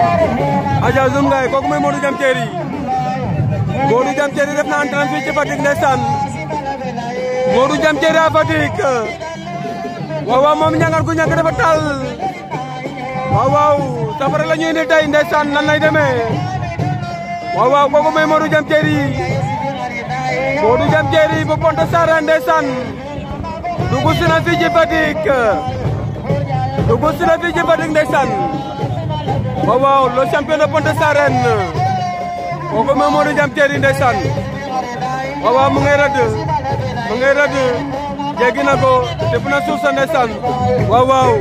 aja zoom ngaay kooku mooy Modou Diam Terry Modou Diam Terry def na entrance fii ci Fatick ndeysaan a Fatick waaw waaw moom ñangar gu ñàkk dafa taal ñuy indi tey ndeysaan demee waaw waaw kooku mooy Modou Diam Terry Modou bu Pointe Sarène ndeysaan dugg si na fii ci Fatick dugg na fii ci Fatick waaw waaw le champion de Pointe-Sarène kooku moom moo di jam teeri ndeysaan waaw waaw mu na ko def na suuf sa ndeysaan waaw waaw